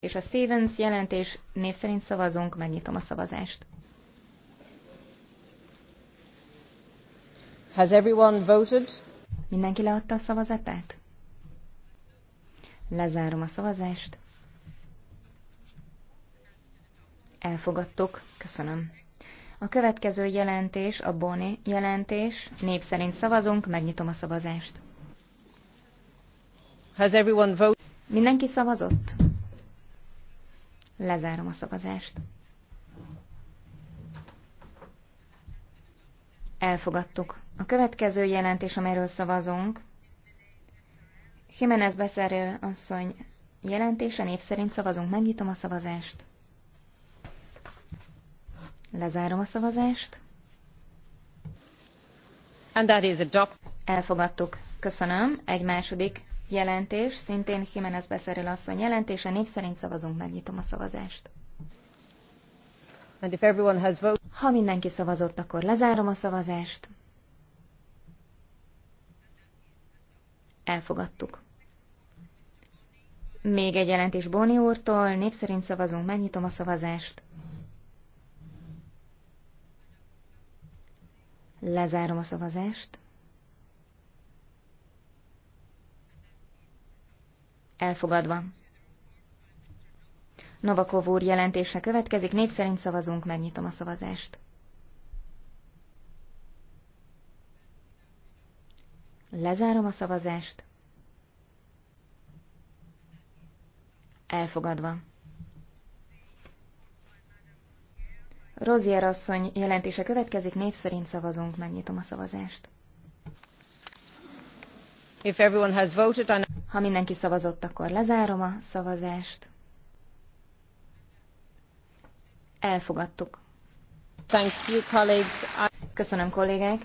és a Stevens jelentés név szerint szavazunk, megnyitom a szavazást. Has everyone voted? Mindenki leadta a szavazatát? Lezárom a szavazást. Elfogadtuk. Köszönöm. A következő jelentés, a Boni jelentés. Név szerint szavazunk, megnyitom a szavazást. Has everyone voted? Mindenki szavazott? Lezárom a szavazást. Elfogadtuk. A következő jelentés, amelyről szavazunk, Jiménez Beszerél asszony jelentése név szerint szavazunk. Megnyitom a szavazást. Lezárom a szavazást. And that is a Elfogadtuk. Köszönöm. Egy második jelentés, szintén Jimenez Beszeril asszony jelentése, név szerint szavazunk, megnyitom a szavazást. And if everyone has voted... Ha mindenki szavazott, akkor lezárom a szavazást. Elfogadtuk. Még egy jelentés Boni úrtól, név szerint szavazunk, megnyitom a szavazást. Lezárom a szavazást. Elfogadva. Novakov úr jelentése következik, név szerint szavazunk, megnyitom a szavazást. Lezárom a szavazást. Elfogadva. Rozier asszony jelentése következik, név szerint szavazunk, megnyitom a szavazást. If everyone has voted on... Ha mindenki szavazott, akkor lezárom a szavazást. Elfogadtuk. Thank you, colleagues. Köszönöm, kollégák.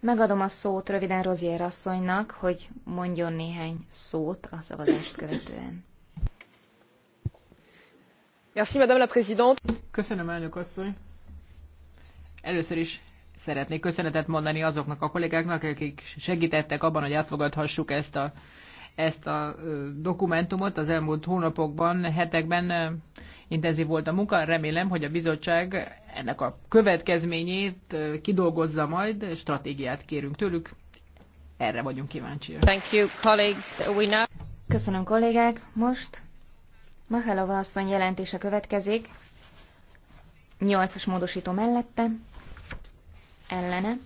Megadom a szót röviden Rozier asszonynak, hogy mondjon néhány szót a szavazást követően. Merci, Madame la Présidente. Köszönöm, elnök asszony. Először is szeretnék köszönetet mondani azoknak a kollégáknak, akik segítettek abban, hogy elfogadhassuk ezt a, ezt a dokumentumot. Az elmúlt hónapokban, hetekben intenzív volt a munka. Remélem, hogy a bizottság ennek a következményét kidolgozza majd, stratégiát kérünk tőlük. Erre vagyunk kíváncsiak. Thank you, colleagues. We now... Köszönöm, kollégák. Most Mahalova asszony jelentése következik. Nyolcas módosító mellette ellene,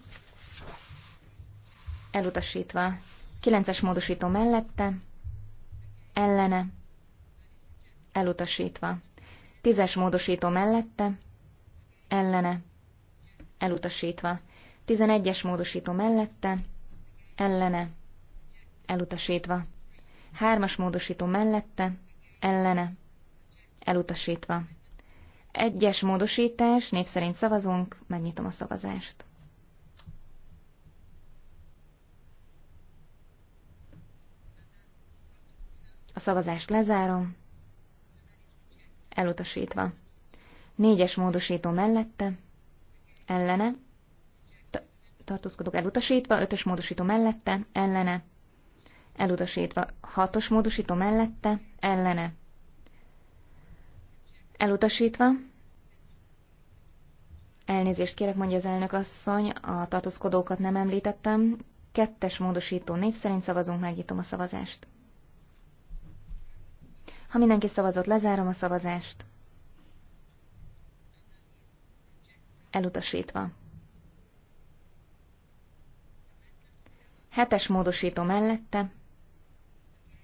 elutasítva. 9-es módosító mellette, ellene, elutasítva. 10-es módosító mellette, ellene, elutasítva. 11-es módosító mellette, ellene, elutasítva. 3-as módosító mellette, ellene, elutasítva. Egyes módosítás, név szerint szavazunk, megnyitom a szavazást. A szavazást lezárom. Elutasítva. Négyes módosító mellette. Ellene. Tartózkodok elutasítva. Ötös módosító mellette. Ellene. Elutasítva. Hatos módosító mellette. Ellene. Elutasítva. Elnézést kérek, mondja az elnök asszony, a tartózkodókat nem említettem. Kettes módosító név szerint szavazunk, megnyitom a szavazást. Ha mindenki szavazott, lezárom a szavazást. Elutasítva. Hetes módosító mellette.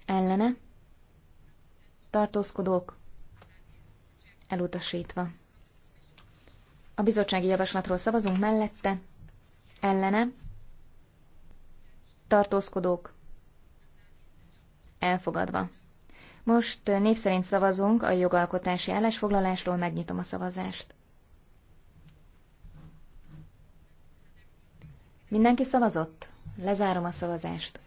Ellene. Tartózkodók. Elutasítva. A bizottsági javaslatról szavazunk mellette. Ellene. Tartózkodók. Elfogadva. Most név szerint szavazunk a jogalkotási állásfoglalásról, megnyitom a szavazást. Mindenki szavazott? Lezárom a szavazást.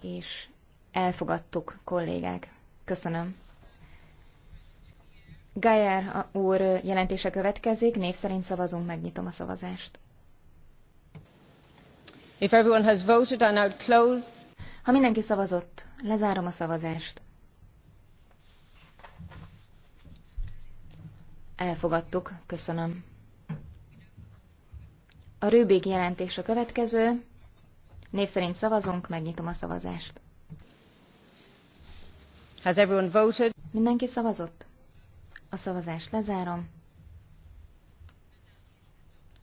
És elfogadtuk, kollégák. Köszönöm. Gayer úr jelentése következik, név szerint szavazunk, megnyitom a szavazást. If everyone has voted, I now close ha mindenki szavazott, lezárom a szavazást. Elfogadtuk, köszönöm. A Rőbék jelentés a következő. Név szerint szavazunk, megnyitom a szavazást. Has everyone voted? Mindenki szavazott? A szavazást lezárom.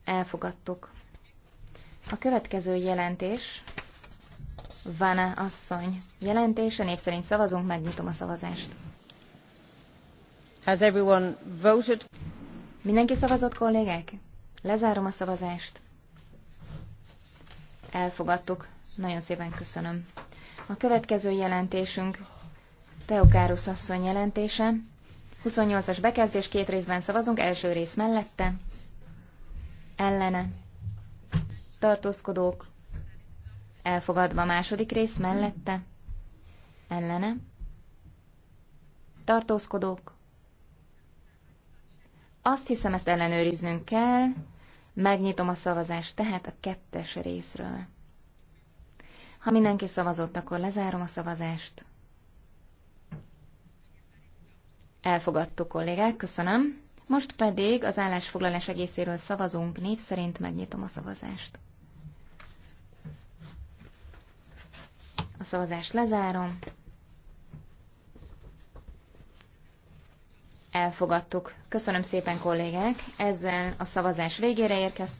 Elfogadtuk. A következő jelentés Vana asszony jelentése. Név szerint szavazunk, megnyitom a szavazást. Has everyone voted? Mindenki szavazott, kollégek? Lezárom a szavazást. Elfogadtuk. Nagyon szépen köszönöm. A következő jelentésünk Teokárusz asszony jelentése. 28-as bekezdés, két részben szavazunk, első rész mellette. Ellene. Tartózkodók. Elfogadva a második rész mellette. Ellene. Tartózkodók. Azt hiszem, ezt ellenőriznünk kell. Megnyitom a szavazást, tehát a kettes részről. Ha mindenki szavazott, akkor lezárom a szavazást. Elfogadtuk, kollégák, köszönöm. Most pedig az állásfoglalás egészéről szavazunk, név szerint megnyitom a szavazást. szavazást lezárom. Elfogadtuk. Köszönöm szépen, kollégák! Ezzel a szavazás végére érkeztünk.